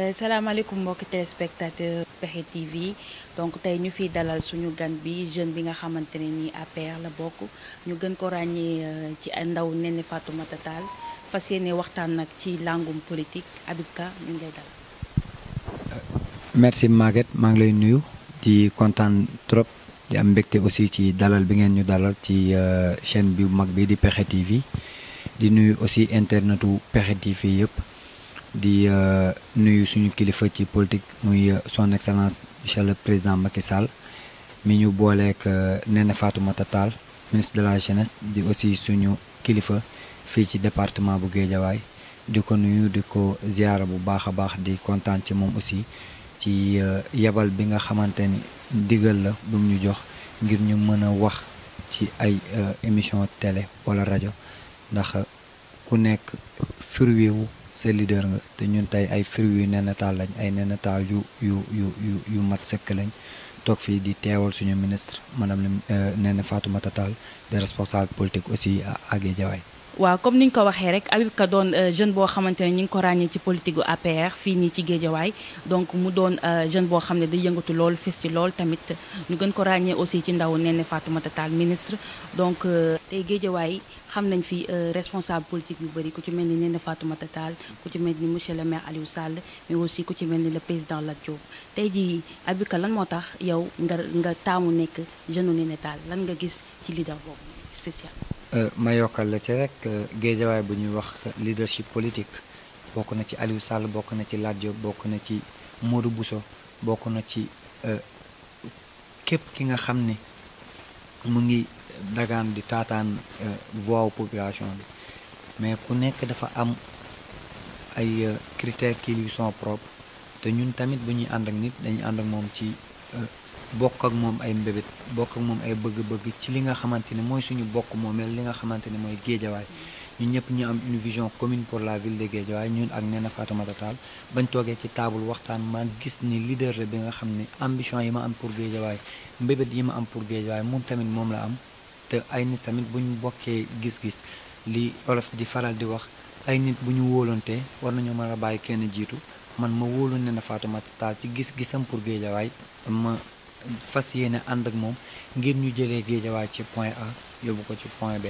Euh, salaamaaleykum mbokki téléspectateur Pexxe TV donc tey ñu fiy dalal suñu gan bi jeune bi nga xamante ne nii APR la bokk ñu gën ko ràññee euh, ci ndaw Néné Fatoumata Tall fas yéene waxtaan nag ci langum politique Habib Ka ñu ngi dalal. maa ngi lay nuyu di kontaan trop di am mbégte aussi ci dalal bi ngeen ñu dalal ci euh, chaîne bi mag bi di Pexxe TV di nuyu aussi internetu Pexxe TV yëpp. di euh, nuyu suñu kilifa ci politique muy euh, son excellence monsieur le président Macky Sall mi ñu booleek euh, Néné Fatoumata Tall ministre de la jeunesse di aussi suñu kilifa fii ci département bu Guédiawaay di ko nuyu di ko ziyaara bu baax a baax di kontaan ci moom aussi ci yabal bi nga xamante ni digal la bu mu ñu jox ngir ñu mën a wax ci ay émission télé wala rajo ndax ku nekk firweewu sa leader nga te ñun tey ay fruits yu nenatal lañ ay nenatal yu yu yu yu yu mat sëkk lañ toog fii di teewal suñu ministre madame euh, Néné Fatoumata Tall des responsables politiques aussi à Guédiawaye waaw comme ni nga ko waxee rek Habib doon euh, jeune boo xamante ne ñu ngi ko ràññee ci politique gu APR fii nii ci Géejawaay donc mu doon euh, jeune boo xam ne day yëngatu lool fës ci lool tamit ñu gën ko ràññee aussi ci ndaw Néné Fatoumata Tall ministre donc tey Géejawaay xam nañ fi euh, responsable politique yu bëri ku ci mel ni Néné Fatoumata Tall ku ci mel ni monsieur le maire Aliou Sall mais aussi ku ci mel ni le président Lat Diop tey jii Habib lan moo tax yow nga taamu nekk jeune Néné Tall lan nga gis ci leader boobu spécial. Euh, ma yokkal la ci rek euh, géejawaay bu ñuy wax leadership politique bokk na ci Aliou Sall bokk na ci Lat bokk na ci Modou Bousso bokk na ci képp ki nga xam ni. mu ngi dagaan di taataan euh, voix population bi mais ku nekk dafa am ay euh, critères qui lui son propres te ñun tamit bu ñuy ànd ak nit dañuy ànd ak moom ci euh, bokk ak moom ay mbébét bokk ak moom ay bëgg-bëgg ci li nga xamante ne mooy suñu bokk moomeel li nga xamante ne mooy géejawaay ñu ñëpp ñu am une vision commune pour la ville de Guédiawaye ñun ak Néné Fatoumata Tall bañ toogee ci table waxtaan ma gis ni leader la bi nga xam ne ambition yi ma am pour Guédiawaye mbébét yi ma am pour Guédiawaye moom tamit moom la am te ay nit tamit bu ñu bokkee gis-gis li olof di faral di wax ay nit bu ñu wóolante war nañoo mën a bàyyi kenn jiitu man ma wóolu Néné Fatoumata Tall ci gis-gisam pour géejawaay ma fas yéene ànd ak moom ngir ñu jëlee Guédiawaye ci point A yóbbu ko ci point B.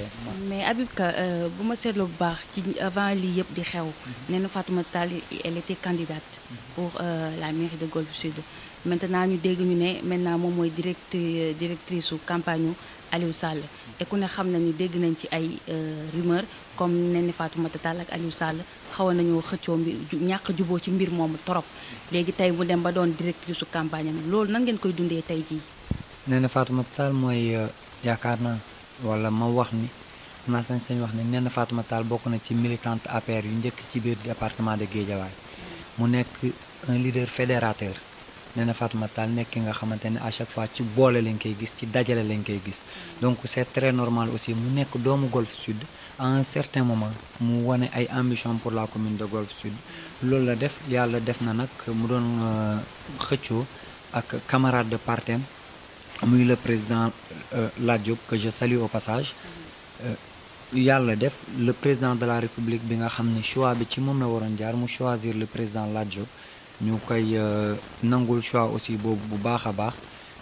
mais Habib Ka euh, bu ma seetloo bu baax ci avant lii yëpp di xew. Mhm. nee na Fatoumata Tall elle était candidate mhm. pour euh, la mairie de Golf Sud. maintenant ñu dégg ñu ne maintenant moom mooy directeur directrice su campagne Aliou Sall et ku ne xam nañu dégg nañ ci ay euh, rumeur comme Néné Fatoumata Tall ak Aliou Sall xawoon nañoo xëccoo mbir ñàkk juboo ci mbir moomu trop léegi tey mu dem ba doon directrice su campagne am loolu nan ngeen koy dundee tey jii. Néné Fatoumata Tall mooy euh, yaakaar naa wala ma wax ni naa sañ sañ wax ne Néné Fatoumata Tall bokk na ci militante APR yu njëkk ci biir département de Guédiawaye mu nekk un leader fédérateur. nee na nekk ki nga xamante ne à chaque fois ci boole lañ koy gis ci dajale lañ koy gis donc c'est très normal aussi mu nekk doomu Golf Sud à un certain moment mu wone ay ambition pour la commune de Golf Sud loolu la def yàlla def na nag mu doon euh, xëcco ak camarade de partem muy le président euh, Lat Diop que je salue au passage euh, yàlla def le président de la république bi nga xam ni choix bi ci moom la waroon jaar mu choisir le président Lat Diop ñu koy euh, nangul choix aussi boobu bu baax a baax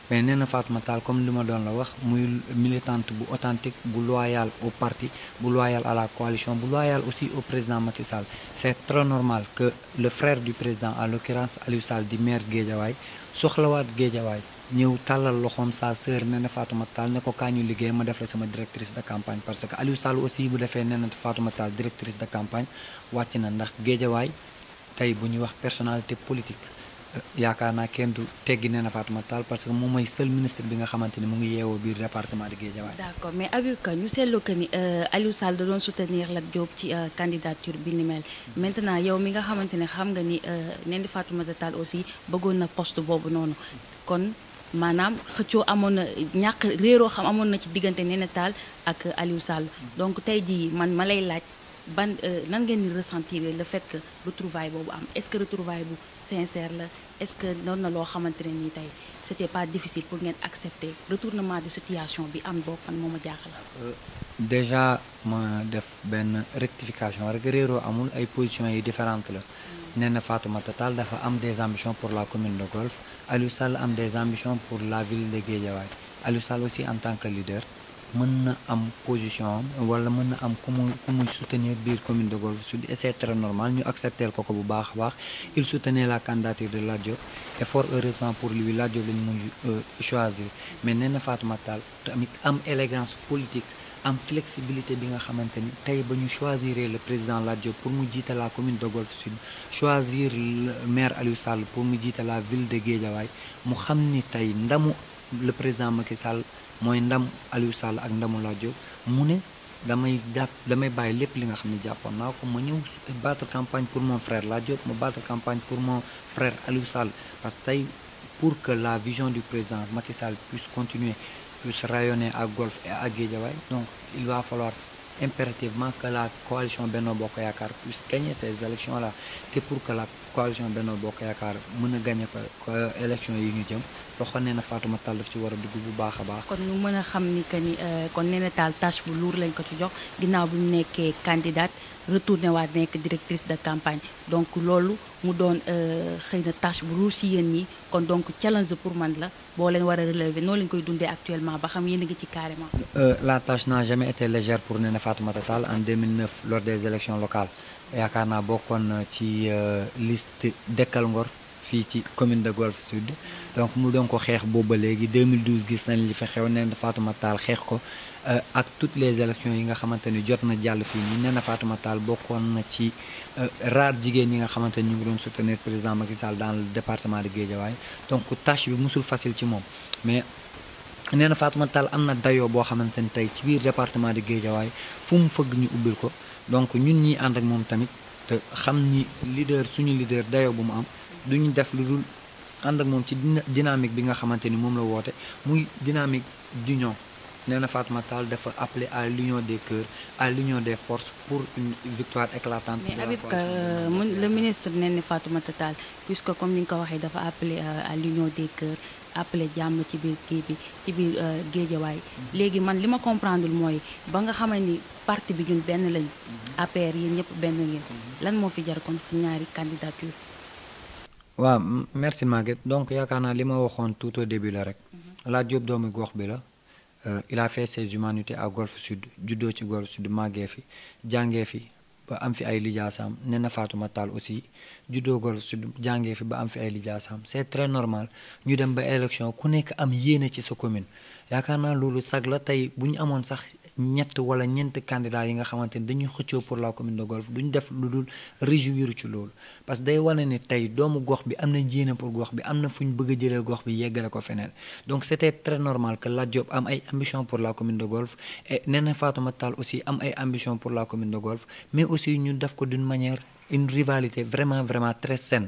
mais nee na Fatma Tall comme li ma doon la wax muy militante bu authentique bu loyal au parti bu loyal à la coalition bu loyal aussi au président Macky Sall c'est très normal que le frère du président en l'occurrence Aliou Sall di maire Guédiawaye soxlawaat Guédiawaye ñëw tàllal loxoom sa sœur nee na Fatouma Tall ne ko kaa ñu liggéey ma def la sama directrice de campagne parce que Aliou Sall aussi bu defee neen na Fatouma Tall campagne wàcc na ndax Guédiawaye tey bu ñuy wax personnalité politique euh, yaakaar naa kenn du teggi Néné Fatoumata Tall parce que moom mooy seul ministre bi nga xamante ni mu ngi yeewoo biir département de Guédiawaye. d'accord mais Habib Ka ñu seetlu que ni euh, Aliou Sall da doon soutenir Lat Diop ci euh, candidature bi ni mel maintenant yow mi nga xamante ne xam nga ni Néné Fatoumata Tall aussi bëggoon na poste boobu noonu kon maanaam xëccoo amoon na ñàkk réeroo xam amoon na ci diggante Néné taal ak Aliou donc tey jii man ma lay laaj. ban euh, nan ngeen di ressentir le fait que retrouvaille boobu am est-ce que retrouvaille bu sincère la est-ce que noonu na loo xamante ne nii tey c'était pas difficile pour ngeen accepter retournement de situation bi am boobu man moo ma jaaxal. Euh, déjà ma def benn rectification rek réeroo amul ay positions yi différentes la. Mm. nee na Fatoumata Tall dafa am des ambitions pour la commune de Golf Aliou Sall am des ambitions pour la ville de Guédiawaye Aliou Sall aussi en tant que leader. mën na am position am wala mën na am ku mu ku muy soutenir biir commune de Golf Sud et normal ñu accepter ko ko bu baax a baax il soutenait la candidature de Lat Diop et fort heureusement pour lui Lat Diop lañ mujj euh, choisir mais nee na Fatoumata tamit am élégance politique am flexibilité bi nga xamante ni tey ba ñu choisir le président Lat Diop pour mu jiite la commune de Golf Sud choisir maire Aliou Sall pour mu jiite la ville de Guédiawaye mu xam ni tey ndamu le président Macky Sall mooy ndam Aliou ak ndamu Lat mu ne damay jàpp damay bàyyi lépp li nga xam ne jàppoon naa ko ma ñëw battre campagne pour mon frère Lat Diop ma battre campagne pour mon frère Aliou Sall parce que tey pour que la vision du président Macky Sall puisse continuer puisse rayonner à Golf et à Guédiawaye donc il va falloir impérativement que la coalition Benno Bokk Yaakaar puisse gagner ces élections là te pour que la coalition Benno Bokk Yaakaar mën a gagné ko élection yi ñu jëm loxo nee na faatuma Tall daf ci war a dugg bu baax a baax. kon ñu mën a xam ni que ni euh, kon nee na taal tâche bu lourd lañ ko ci jox ginnaaw bu ñu nekkee candidate retourné waat nekk directrice de campagne donc loolu mu doon euh, xëy na tâche bu lourd si yéen ñi kon donc challenge pour man la boo leen war relever noonu lañ koy dundee actuellement ba xam yéen a ngi ci carrément. Euh, la tâche n'a jamais été légère pour Néné Fatoumata Tall yaakaar naa bokkoon na ci euh, list Dekkal Ngor fii ci commune de Golf Sud donc mu doon ko xeex booba léegi 2012 gis nañ li fi xew nee na Fatouma xeex ko euh, ak toutes les élections yi nga xamante ni jot na jàll fii nii nee na Fatouma Tall bokkoon na ci euh, raar jigéen yi nga xamante ni ñu ngi doon soutenir président Macky Sall dans département de Guédiawaye donc tâche bi musul facile ci moom mais nee na Fatouma Tall am na dayo boo xamante ni tey ci biir département de Guédiawaye fu mu ñu ubbil ko donc ñun ñi ànd ak moom tamit te xam ni leader suñu leader dayo bu mu am duñu def lu dul ànd ak moom ci dynamique bi nga xamante ni moom la woote muy dynamique d'union nee na Fatma Tall dafa appelé à l'union des cœurs à l'union des forces pour une victoire éclatante. mais Habib euh, Ka le ministre nee na Fatma puisque comme ni nga ko waxee dafa appelé euh, à l'union des cœurs. appelé jàmm ci biir kii bi ci biir euh, géejawaay léegi man li ma comprendre mooy ba nga xamante ni parti bi ñun benn lañ mm-hmm. APR yi ñëpp benn ngeen mm-hmm. lan moo fi jar kon fi ñaari candidature waaw merci Maguette donc yaakaar naa li ma waxoon tout au début la rek mm-hmm. Lat Diop doomi gox bi la euh, il a fait ses humanités à Golfe Sud juddoo ci Golfe Sud màggee fi jàngee fi ba am fi ay lijaasaam Néné Fatouma Tall aussi juddoo Golf Sud jàngee fi ba am fi ay lijaasaam c'est très normal ñu dem ba élection ku nekk am yéene ci sa commune yaakaar naa loolu sag la tey bu ñu amoon sax ñett wala ñeent candidat yi nga xamante ni dañuy xëccoo pour la commune de Golf duñ def lu dul réjouir ci loolu parce que day wane ne tey doomu gox bi am na jéene pour gox bi am na fu ñu bëgg a jëlee gox bi yeggale ko feneen donc c' était très normal que Lat Diop am ay ambition pour la commune de Golf et Néné Fatoumata Tall aussi am ay ambition pour la commune de Golf mais aussi ñu def ko d'une manière une rivalité vraiment vraiment très saine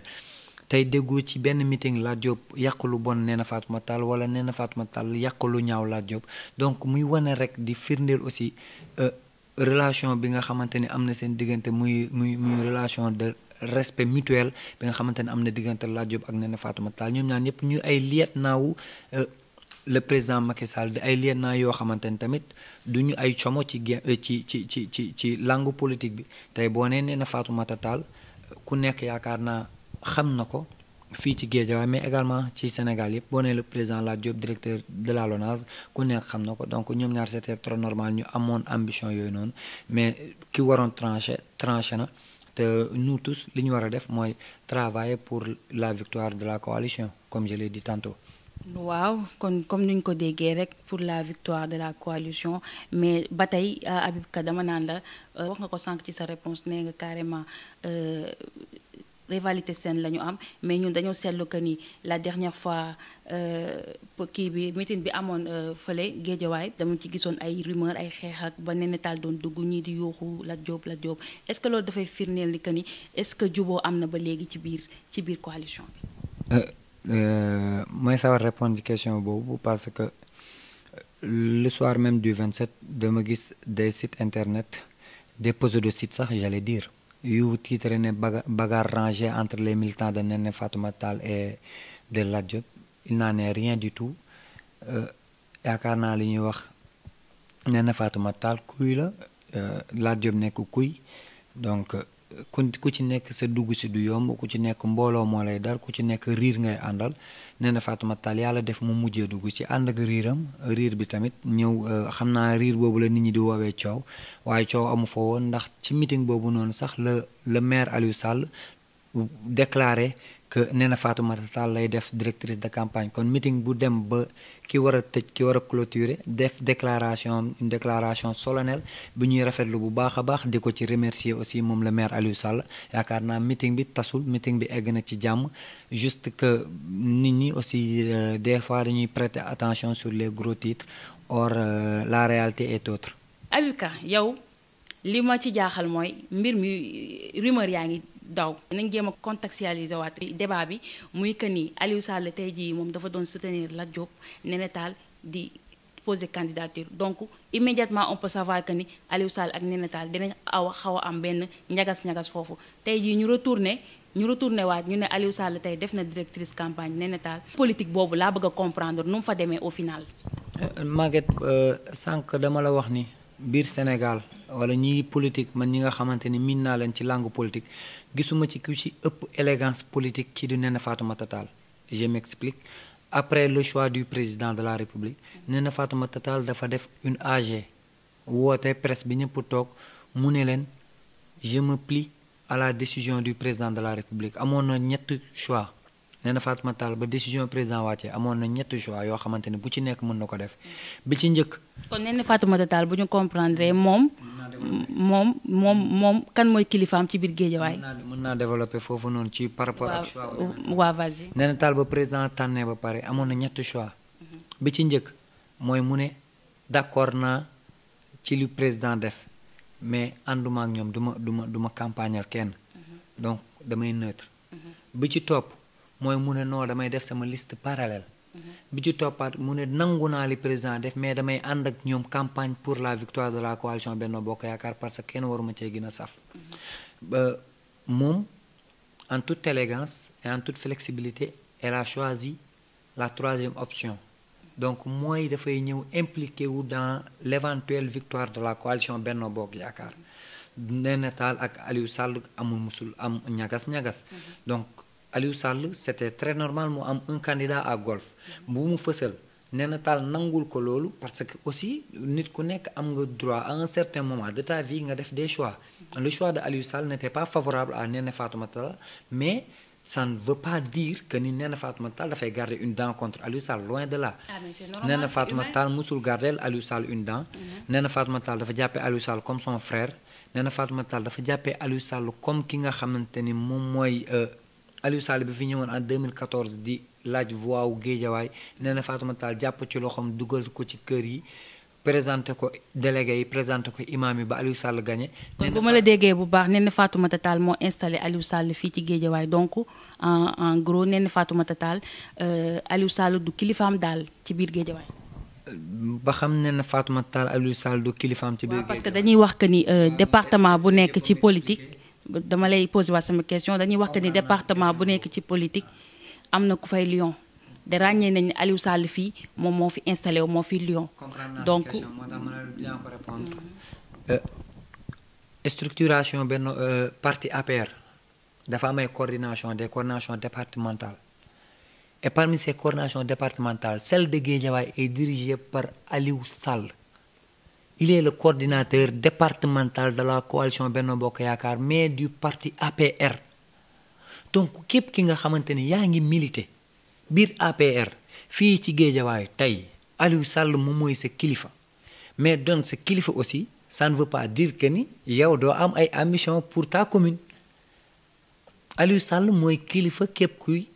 tey déggoo ci benn meeting Lat Diop yàq lu bon Néné Fatouma Tall wala Néné Fatouma Tall yàq lu ñaaw Lat Diop donc muy wane rek di firndeel aussi euh, relation bi nga xamante ni am na seen diggante muy muy muy relation de respect mutuel bi nga xamante ni am na diggante Lat Diop ak Néné Fatouma taal ñoom ñaan ñëpp ñu ay liet naaw euh, le président Macky Sall di ay liet naa yoo xamante ni tamit du ñu ay como ci euh, ci ci ci ci ci langue politique bi tey boo nee Néné Fatouma Tall ku yaakaar xam na ko fii ci Guédiawaye mais également ci Sénégal yëpp boo nee le président Lat Diop directeur de la LONASE ku nekk xam na ko donc ñoom ñaar c'était trop normal ñu amoon ambition yooyu noonu mais ki waroon tranché tranché na te nous tous li ñu war def mooy travailler pour la victoire de la coalition comme je l'ai dit tantôt. waaw kon comme ni ko déggee rek pour la victoire de la coalition mais ba tey euh, Habib Ka dama naan la euh, wax nga ko sànq ci sa réponse nee nga rivalité saine la ñu am mais ñun dañoo seetlu que ni la dernière fois euh, kii bi meeting bi amoon euh, fële géejawaay dama ci gisoon ay rumeur ay xeex ak ba Néné Tall doon dugg ñii di yuuxu Lat Diop Lat Diop est-ce que loolu dafay firndeel li que ni est-ce que juboo am na ba léegi ci biir ci biir coalition bi. Euh, mooy sawar répondre ci question boobu parce que lu soir même du 27 dama gis de sites internet des posés de sites sax j'allais dire. yu titre ne bagarre rangée entre les militants de Néné Fatoumata Tall et de Lat Diop il n'en est rien du tout euh, yaakaar naa li ñuy wax Néné faatuma Tall kuy la euh, Lat Diop nekk kuy donc ku ku ci nekk sa dugg si du yomb ku ci nekk mbooloo moo lay dar ku ci nekk riir ngay àndal nee na Fatuma Tall yàlla def mu mujjee dugg ci ànd ak riiram riir bi tamit ñëw euh, xam naa riir boobu la nit ñi di woowee coow waaye coow amu fa woon ndax ci meeting boobu noonu sax la le maire Aliou Sall déclaré que Néné Fatoumata Tall lay def directrice de campagne kon meeting bu dem ba ki war a tëj ki war a clôturer def déclaration une déclaration solennelle bu ñuy rafetlu bu baax a baax di ko ci remercier aussi moom le maire Aliou Sall yaakaar naa meeting bi tasul meeting bi egg na ci jàmm juste que nit ñi aussi euh, des fois dañuy prêter attention sur les gros titres or euh, la réalité et autre. Habib Ka li ma ci jaaxal mooy mbir mi rumeur yaa ngi. daw nañ jéem a contextualiser waat débat bi muy que ni Aliou Sall tey jii moom dafa doon soutenir la Diop Néné di poser candidature donc immédiatement on peut savoir que ak Néné Tall dinañ aw xaw am benn ñagas-ñagas foofu tey jii ñu retourné ñu retourné waat ñu ne Aliou tey def na directrice campagne Néné Tall politique boobu laa bëgg comprendre nu mu fa demee au final euh, Maguette euh, sànq dama la wax ni biir Sénégal wala ñi politique man ñi nga xamante ni miin naa leen ci langue politique gisuma ci ku ci ëpp élégance politique ci di Néné Fatoumata Tall je m'explique après le choix du président de la République Néné Fatoumata total dafa def une AG woote presse bi ñëpp toog mu ne leen je me plie à la décision du président de la République amoon na ñett choix nee na Fatma ba décision président wàcce amoon na ñetti choix yoo xamante ne bu ci nekk mën na ko def bi ci njëkk. kon nee na Fatma bu ñu comprendre moom. moom moom moom kan mooy kilifaam ci biir géejawaay. mën naa développer foofu noonu ci par rapport ak. choix waa vas-y. ba président tànnee ba pare amoon na ñett choix. Mhm. bi ci njëkk mooy mu ne d'accord naa ci li président def mais ànduma ak ñoom du ma du du ma campagnal kenn mhm. donc damay neutre. Mhm. bi ci topp. mooy mu ne damay def sama liste parallèle bi ci toppaat mu ne nangu naa li président def mais damay ànd ak ñoom campagne pour la victoire de la coalition Benno Bokk Yaakaar parce que kenn waruma cee gën a saf moom en toute élégance et en toute flexibilité elle a choisi la troisième option donc mooy dafay ñëw impliqué wu dans leventuel victoire de la coalition Benno Bokk Yaakaar nee na Tall ak Aliou Sall amul musul am ñagas-ñagas mhm. Aliou Sall c'était très normal mu am un candidat à taal ko loolu parce que aussi nit ku nekk am nga droit à un certain de ta nga def des choix le choix de Aliou Sall n'était pas favorable à Néné mais ça ne veut ni Néné Fatoumata Tall dafay garder une dent contre Aliou Sall loin de là ah, Néné Fatoumata Tall musul gardeel Aliou Sall une dent mm-hmm. Néné Fatoumata Tall dafa jàppee Aliou Sall comme son frère Néné Fatoumata Tall dafa jàppee Aliou Sall comme ki nga xamante ni moom mooy euh, Aliou Sall bi fi ñëwoon en 2014 di laaj voix wu Géejawaay nee na Fatoumata jàpp ci loxoom dugal ko ci kër yi présenté ko délégué yi présenté ko imam yi ba Aliou Sall gagné. kon bu ma la déggee bu baax nee na Fatoumata Tall moo installé Aliou Sall fii ci Géejawaay donc en en gros nee na Fatoumata Tall euh, Sall du kilifaam daal ci biir Géejawaay. ba xam ne na Fatoumata Tall Aliou Sall du kilifaam ci biir. Géejawaay parce que dañuy wax que ni euh, département bu nekk ci politique. dama lay posé waat sama question dañuy wax que ni département bu nekk ci politique am na ku fay Lyon de ràññee nañ Aliou Sall fii moom moo fi installé wu moo fi Lyon donc euh, structuration benn euh, parti APR dafa am ay coordination des coordinations départementales et parmi ces coordinations départementales celle de Guédiawaye est dirigée par Aliou Sall Il est le coordinateur départemental de la coalition Benno Bokk Yaakaar mais du parti APR donc képp ki nga xamante ni yaa ngi milité biir APR fii ci géejawaay tey Aliou Sall moom mooy sa kilifa mais doon sa kilifa aussi ça ne veut pas dire que ni yow doo am ay ambition pour ta commune Aliou Sall mooy kilifa képp kuy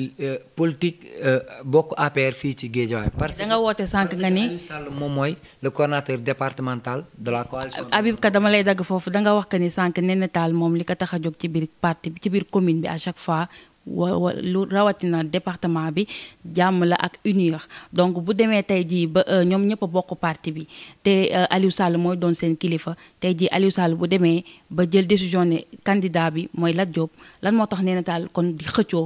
E, politique e, bokk APR fii ci Guédiawaye. parce que nga woote sànq nga ni Aliou moom mooy le coordonnateur départemental de la coalition. Habib Ka dama lay dagg foofu danga wax que ni sànq Néné Tall moom li ko tax a jóg ci biir parti bi ci biir commune bi à chaque fois. wa wa lu rawatina département bi jàmm la ak unir donc bu demee tey jii ba euh, ñoom ñëpp bokk parti bi te euh, Aliou Sall mooy doon seen kilifa tey ji Aliou Sall bu demee ba jël décision ne candidat bi mooy Lat Diop lan moo tax Néné kon di xëccoo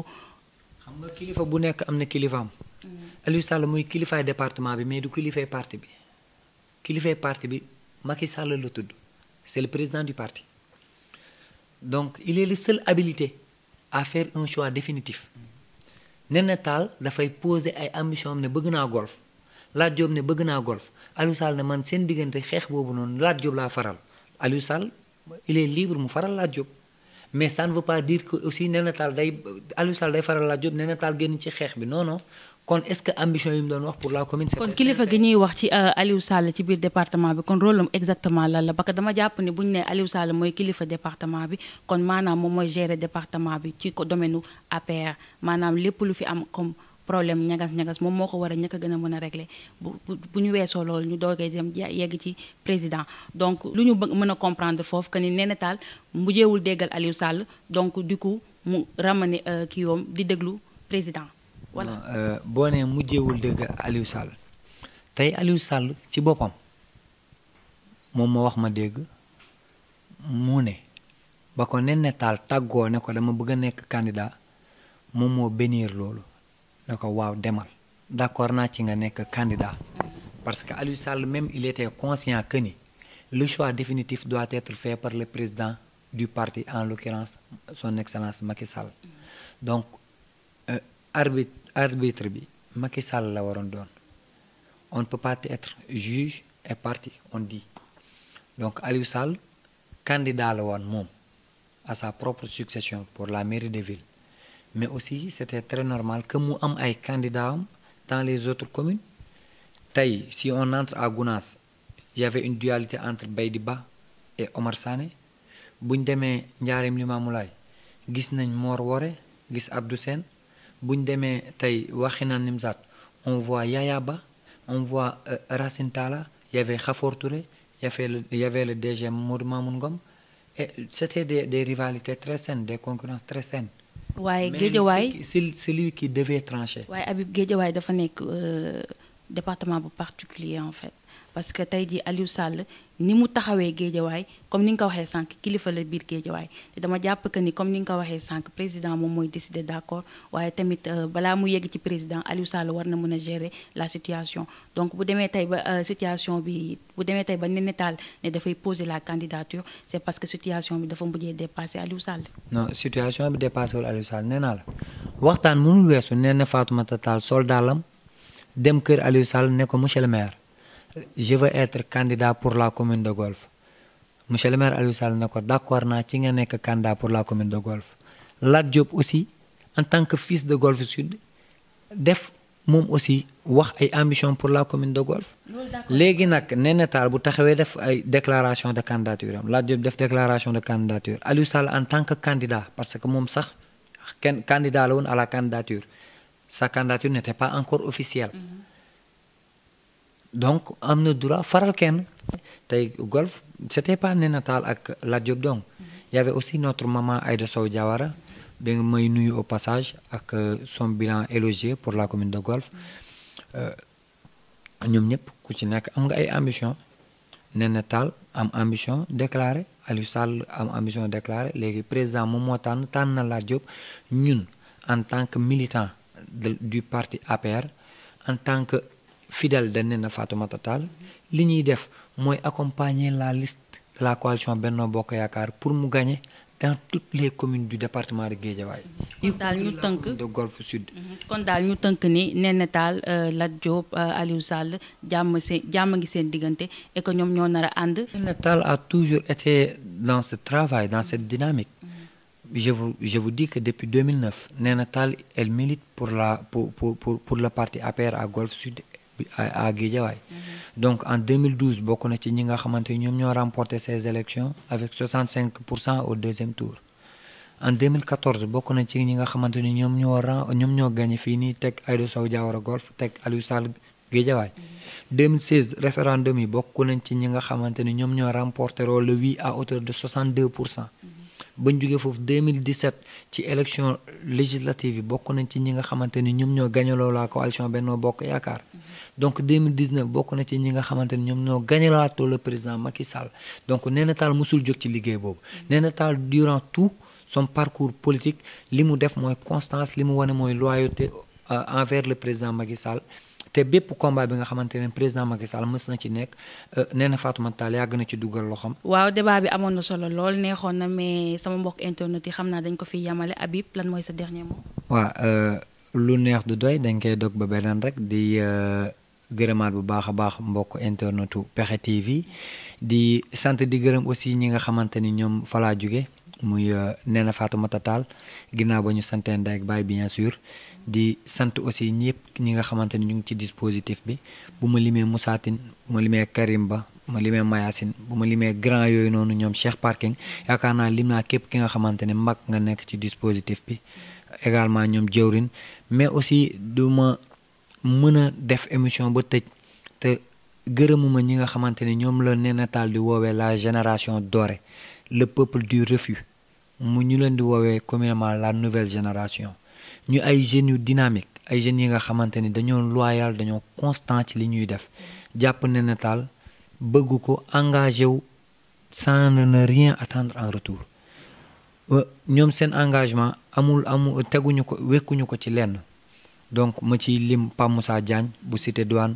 xam nga kilifa bu nekk am na kilifaam. Mm-hmm. Aliou Sall muy kilifaay département bi mais du kilifay parti bi kilifay parti bi Macky Sall la tudd c' est le président du parti donc il est le seul habilité à faire un choix définitif. Mm-hmm. Néné Tall dafay poser ay ambition am ne bëgg naa golf Lat Diop ne bëgg naa golf Aliou Sall ne man seen diggante xeex boobu noonu Lat Diop laa faral Aliou Sall libre mu faral Lat Diop. mais ça ne veut pas dire que aussi nénatal day Aliou Sall day faral laa jóg génn ci xeex bi non non kon est-ce que ambition yi mu doon wax pour la commune. kon kilifa gi ñuy wax ci euh, Aliou Sall ci biir département bi kon rôle am exactement lan la parce que dama jàpp ni bu ñu nee Aliou Sall mooy kilifa département bi kon maanaam moom mooy gérer département bi ci ko domaine APR maanaam lépp lu fi am comme. problème ñagas-ñagas moom moo ko war a ñëkk a gën a mën a réglé bu bu ñu weesoo loolu ñu doogee dem yegg ci président donc lu ñu mën a comprendre foofu que ni Néné Tall mujjeewul déggal Aliou Sall donc du coup mu ramené euh, kii yoom di déglu président voilà euh, boo nee mujjeewul dégg Aliou Sall tey Aliou Sall ci boppam moom moo wax ma dégg mu ne ba ko Néné Tall tàggoo ne ko dama bëgg a nekk candidat moom moo bénir loolu ne ko waaw demal d'accord naa ci nga nekk candidat parce que Aliou Sall même il était conscient que ni le choix définitif doit être fait par le président du parti en l'occurrence son excellence Macky Sall donc euh, arbitre bi Macky Sall la waroon doon on ne peut pas être juge et parti on dit donc Aliou Sall la woon moom à sa propre succession pour la mairie de ville mais aussi c'était très normal que mu am ay candidats am dans les autres communes tey si on entre à Gounass y une dualité entre Baydi Ba et Omar Sané bu ñu demee Njaareem Limaamulaay gis nañ Mor Wore gis Abdou Sène bu ñu demee tey Wakhinane Nimzatt on voit Yaya Ba on voit euh, Racine Talla y avait Khafor Touré y avait le y avait le DG Modou Mamoun Ngom et c'était des des rivalités très saines des concurrences très saines waaye Géejawaay si celui kii devait trancher. waaye Habib Géejawaay dafa nekk euh, département bu particulier en fait. parce que tey jii Aliou Sall ni mu taxawee géejawaay comme ni nga ko waxee sànq kilifa la biir géejawaay te dama jàpp que ni comme ni nga ko waxee sànq président moom mooy décider d'accord waaye tamit euh, balaa mu yegg ci président Aliou Sall war na mën a gérer la situation donc bu demee tey ba euh, situation bi bu demee tey ba nenetaal ne dafay poser la candidature c'est parce que situation bi dafa mujjee dépasser Aliou Sall. non situation bi dépassé wul Aliou Sall nee naa la waxtaan mënul weesu nee na Fatoumata Tall sol daalam dem kër Aliou Sall ne monsieur le maire. je veux être candidat pour la commune de Golf monsieur le maire Aliou Sall ne ko d'accord naa ci nga nekk candidat pour la commune de Golf Lat Diop aussi en tant que fils de Golf Sud def moom aussi wax ay ambition pour la commune de Golf léegi nag Néné Tall bu taxawee def ay déclaration de candidature am Lat Diop def déclaration de candidature Aliou en tant que candidat parce que moom sax kenn candidat la woon à la candidature sa candidature n'était pas encore officielle mm-hmm. donc am na droit faral kenn tey golf c'était pas nénatal ak Lat Diop donc mhm. y avait aussi notre maman Aïda Sow Diawara danga may nuyu au passage ak euh, son bilan élogieux pour la commune de Golf mhm. euh, ñoom ñëpp ku ci nekk am nga ay ambition nénatal am ambition déclaré Aliou Sall am ambition déclaré léegi président moom moo tànn tànn na Lat Diop ñun en tant que militant du parti APR en tant que fidèle dañ ne na Fatoumata Tall li ñuy def mooy accompagner la liste de la coalition Benno Bokk Yaakaar pour mu gagner dans toutes les communes du département de Guédiawaye. kon daal ñu tënk de Golfe Sud. Mhm. kon daal ñu tënk ni Néné Tall euh, Lat Diop euh, Aliou Sall jàmm seen ngi seen diggante et ñoo nar a ànd. Néné Tall a toujours été dans ce travail dans cette dynamique. Mhm. je vous je vous dis que depuis 2009 Néné elle milite pour la pour pour le parti APR à Golfe Sud bi à Guédiawaye mm-hmm. donc en 2012 bokk na ci ñi nga xamante ni ñoom ñoo remporté ces élections avec 65 pour cent au deuxième tour en 2014 bokk na ci ñi nga xamante ni ñoom ñoo ren ñoom ñoo gagné fii nii teg Aïda Sow Golf teg Aliou Sall Guédiawaye 2016 mm-hmm. référendum yi bokk nañ ci ñi nga xamante ñoom ñoo remporté le oui à hauteur de 62 pour cent. Mm-hmm. bañ jógee foofu 2017 ci élection législative yi bokk nañ ci ñi nga xamante ni ñoom ñoo gañaloo la coalition Benno Bokk Yaakaar mm-hmm. donc 2019 bokk na ci ñi nga xamante ni ñoom ñoo gañalaatoo le président Macky Sall donc Néné taal musul jóg ci liggéey boobu mm-hmm. Néné Tall durant tout son parcours politique li mu def mooy constance li mu wane mooy loyauté euh, envers le président Macky Sall te bépp combat bi nga xamante ne président Macky Sall mës na ci nekk euh, nee na Fatoumata Tall yàgg na ci dugal loxoom. waaw débat bi amoon na solo lool neexoon na mais sama mbokk internet yi xam naa dañ ko fi yamale Habib lan mooy sa dernier mot. waaw euh, lu neex du doy dañ koy dog ba beneen rek di. Euh, gërëmaat bu baax a baax mbokk internetu Pexxe TV di sant di gërëm aussi ñi nga xamante ni ñoom falaa jóge muy Néné Fatoumata taal ginnaaw ba ñu santee ndey ak baay bien sûr di sant aussi yëpp ñi nga xamante ni ñu ngi ci dispositif bi bu ma limee Moussa Tine bu ma limee Karim Ba bu ma limee Mayasin bu ma limee grand yooyu noonu ñoom Cheikh Parking yaakaar naa lim naa képp ki nga xamante ne mag nga nekk ci dispositif bi également ñoom jëwrin mais aussi du ma mën a def émission ba tëj te gërëmuma ñi nga xamante ne ñoom la nenatal di woowee la génération dorée le peuple du refus mu ñu leen di woowee communément la nouvelle génération ñu ay jeunes yu dynamique ay jeunes yi nga xamante ni dañoo loyal dañoo constant ci li ñuy def jàpp ne nataal taal bëgg ko engagé wu sans ne rien attendre en retour euh, ñoom seen engagement amul amul teguñu ko wekkuñu ko ci lenn donc ma ci lim Pape Moussa Diagne bu Cité Douane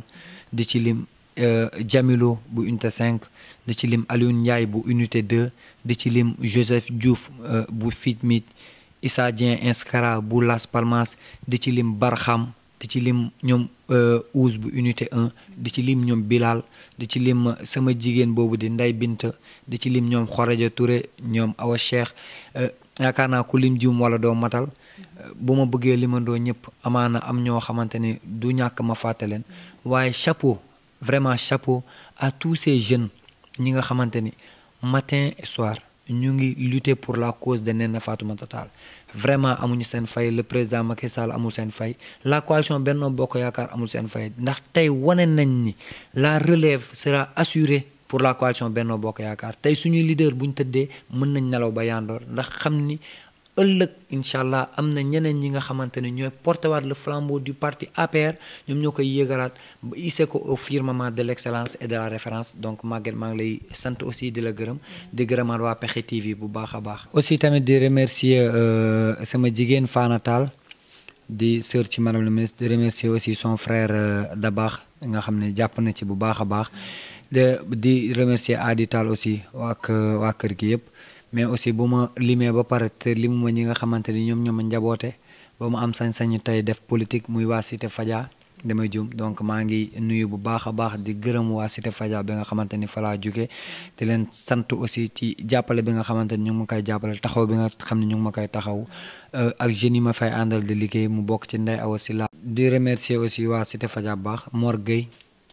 di ci lim euh, Jamilo bu unité cinq di ci lim Alioune Ndiaye bu unité 2 di ci lim Joseph Diouf euh, bu FITMIT Issa Dieng Inskara bu Las Palmas di ci lim Barxam di ci lim ñoom euh, Ouz bu unité 1 di ci lim ñoom Bilal di ci lim sama jigéen boobu di nday Binta di ci lim ñoom Xoreja Touré ñoom Awa Cheikh euh, yaakaar naa ku lim juum wala doo matal euh, bu ma bëggee limandoo ñëpp na am ñoo xamante ni du ñàkk ma fàtte leen waaye chapeau vraiment chapeau à tous ces jeunes ñi nga xamante ni matin soir ñu ngi lutter pour la cause de Néné Fatoumata Tall vraiment amuñu seen fay le président Macky Sall amul seen fay la coalition Benno Bokk Yaakaar amul seen fay ndax tey wane nañ ni la relève sera assurée pour la coalition Benno Bokk Yaakaar tey suñuy leader bu ñu tëddee mën nañ nelaw ba yandoor ndax xam ni ëllëg incha allah am na ñeneen ñi nga xamante ne ñooy porté waat le flambeau du parti APR ñoom ñoo koy yëgalaat ba ko au firmament de l' excellence et de la référence donc Maguette maa ngi lay sant aussi di la gërëm di gërëmaat waa pexe TV bu baax a baax. aussi tamit di remercier euh, sama jigéen Fana Tall di sœur ci madame le ministre di remercier aussi son frère euh, baax nga xam ne jàpp na ci bu baax a baax di remercier Adi Tall aussi waa waa kër gi yëpp. mais aussi bu ma limee ba pare te limuma ñi nga xamante ni ñoom ñoo ma njaboote ba ma am sañ-sañu tey def politique muy waa Cité Fadia damay jum donc maa ngi nuyu bu baax a baax di gërëmu waa Cité Fadia bi nga xamante ni fa laa di leen sant aussi ci jàppale bi nga xamante ni ñu ngi ma koy jàppale taxaw bi nga xam ne ñu ngi ma koy taxaw euh, ak jeunes yi ma fay àndal di liggéey mu bokk ci Ndeye Awa laa di remercier aussi waa Cité Fadia bu baax Mor Gueye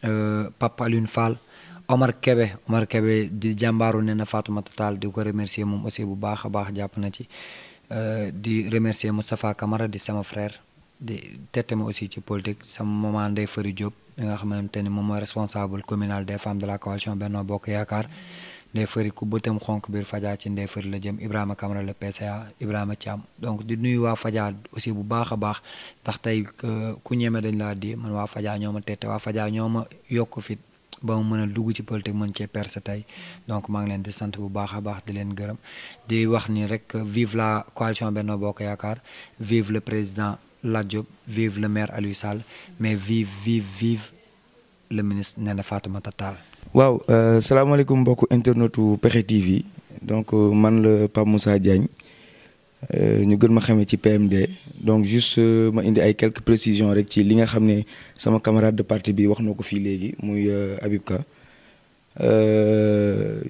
euh, Papa Alioune Fall Omar Kebe Omar Kebe di jàmbaaru ne na Fatoumata Tall di ko remercier moom aussi bu baax a baax jàpp na ci euh, di remercier Moustapha Camara di sama frère di tette ma aussi ci politique sama maman Ndeye Fary Diop di nga xamante ni moom mooy responsable communal des femmes de la coalition Benno Bokk Yaakaar Ndeye Fary ku bëtam xonk biir Fadja ci Ndeye Fary la jëm Ibrahima Camara le PCA Ibrahima Thiam donc di nuyu waa Fadja aussi bu baax a baax ndax tey euh, ku ñeme dañ laa di man waa Fadja ñoo ma tette waa ñoo ma yokk fit ba mu mën a dugg ci politique mën cee percer tey donc maa ngi leen di sant bu baax a baax di leen gërëm di wax ni rek vive la coalition Benno Bokk Yaakaar vive le président Lat Diop vive le maire Aliou Sall mais vive vive vive le ministre Néné Fatoumata Tall. waaw euh, salaamaaleykum mbokku internetu Pexxe TV donc euh, man la Pape Moussa Euh, ñu gën ma xamee ci PMD donc juste euh, ma indi ay quelques précisions rek ci li nga xam ne sama camarade de parti bi wax na ko fii léegi muy euh, Habib Ka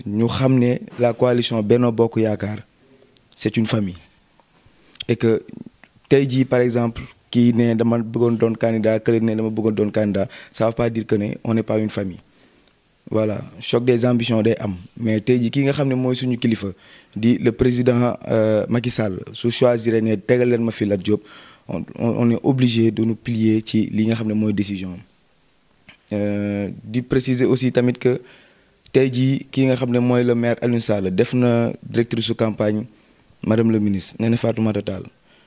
ñu xam ne la coalition Benno Bokk Yaakaar c'est une famille et que tey jii par exemple kii ne dama bëggoon doon candidat kële ne dama bëggoon doon candidat ça veut pas dire que ne on n'est pas une famille voilà choc des ambitions day am mais tey jii ki nga xam ne mooy suñu kilifa di le président euh, Macky Sall su choisir ne tegal leen ma fi Lat Diop on on obligé de nous plier ci li nga xam ne mooy décision am euh, di préciser aussi tamit que tey jii ki nga xam ne mooy le maire Alioune Sall def na directrice su campagne madame le ministre Néné Fatoumata Tall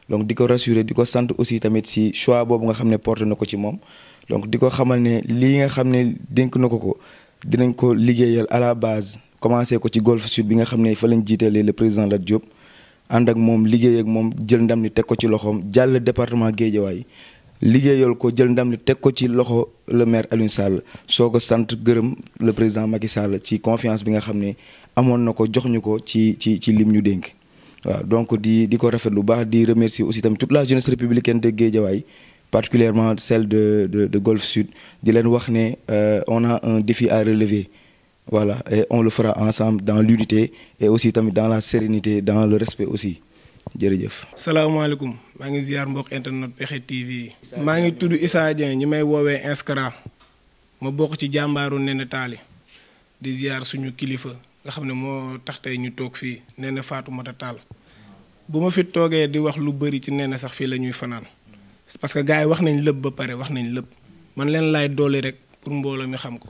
donc di ko rassurer di ko sant aussi tamit si choix boobu nga xam ne porte na ko ci moom donc di ko xamal ne lii nga xam ne dénk na ko ko. dinañ ko liggéeyal à la base commencé ko ci golf sud bi nga xam ne fa lañ jiitalee le président Lat Diop ànd ak moom liggéey ak moom jël ndam li teg ko ci loxoom jàll département Guédiawaye liggéeyal ko jël ndam li teg ko ci loxo le maire Alioune Sall soo ko sant gërëm le président Macky Sall ci confiance bi nga xam ne amoon na ko jox ñu ko ci ci ci lim ñu dénk waaw donc di di ko rafet lu baax di remercier aussi tamit toute la jeunesse républicaine de Guédiawaye particulièrement celle de, de, de Golfe Sud, Dylan Wachne, euh, on a un défi à relever. Voilà, on le fera ensemble dans l'unité et aussi tamit dans la sérénité, dans le respect aussi. jërëjëf. salaamaaleykum maa ngi ziar mbokk internet pexe TV. maa ngi tudd Issa ñi may woowee Inscra ma bokk ci jàmbaaru Néné Tali di ziar suñu kilifa nga xam ne moo tax tey ñu toog fii Néné Fatoumata Tall bu ma fit toogee di wax lu bëri ci Néné sax fii la ñuy fanaan. parce que gars yi wax nañ lépp ba pare wax nañ lépp man leen laay dooli rek pour mbooloo mi xam ko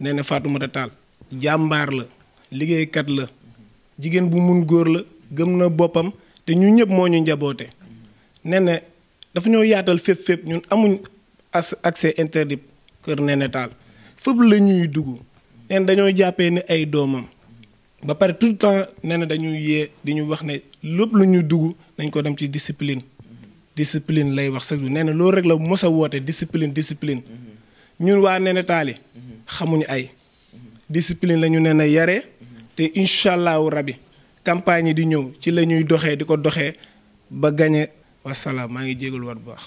nee na Fatoumata Tall jàmbaar la liggéeykat la jigéen bu mun góor la gëm na boppam te ñu ñëpp moo ñu njaboote nee na dafa ñoo yaatal fépp fépp ñun amuñ ase accès interdit kër Néné taal fépp la ñuy dugg nee dañoo jàppee ni ay doomam ba pare tout le temps nee na dañuy yee di ñu wax ne lépp lu ñuy dugg nañ ko dem ci discipline discipline lay wax sa jour nee na loolu rek la mos a woote discipline discipline ñun waa taal Tali xamuñu ay discipline la ñu nee na yaree te incha allahu rabi campagne yi di ñëw ci la ñuy doxee di ko doxe ba gañe wasalaam maa ngi jégalu waat bu baax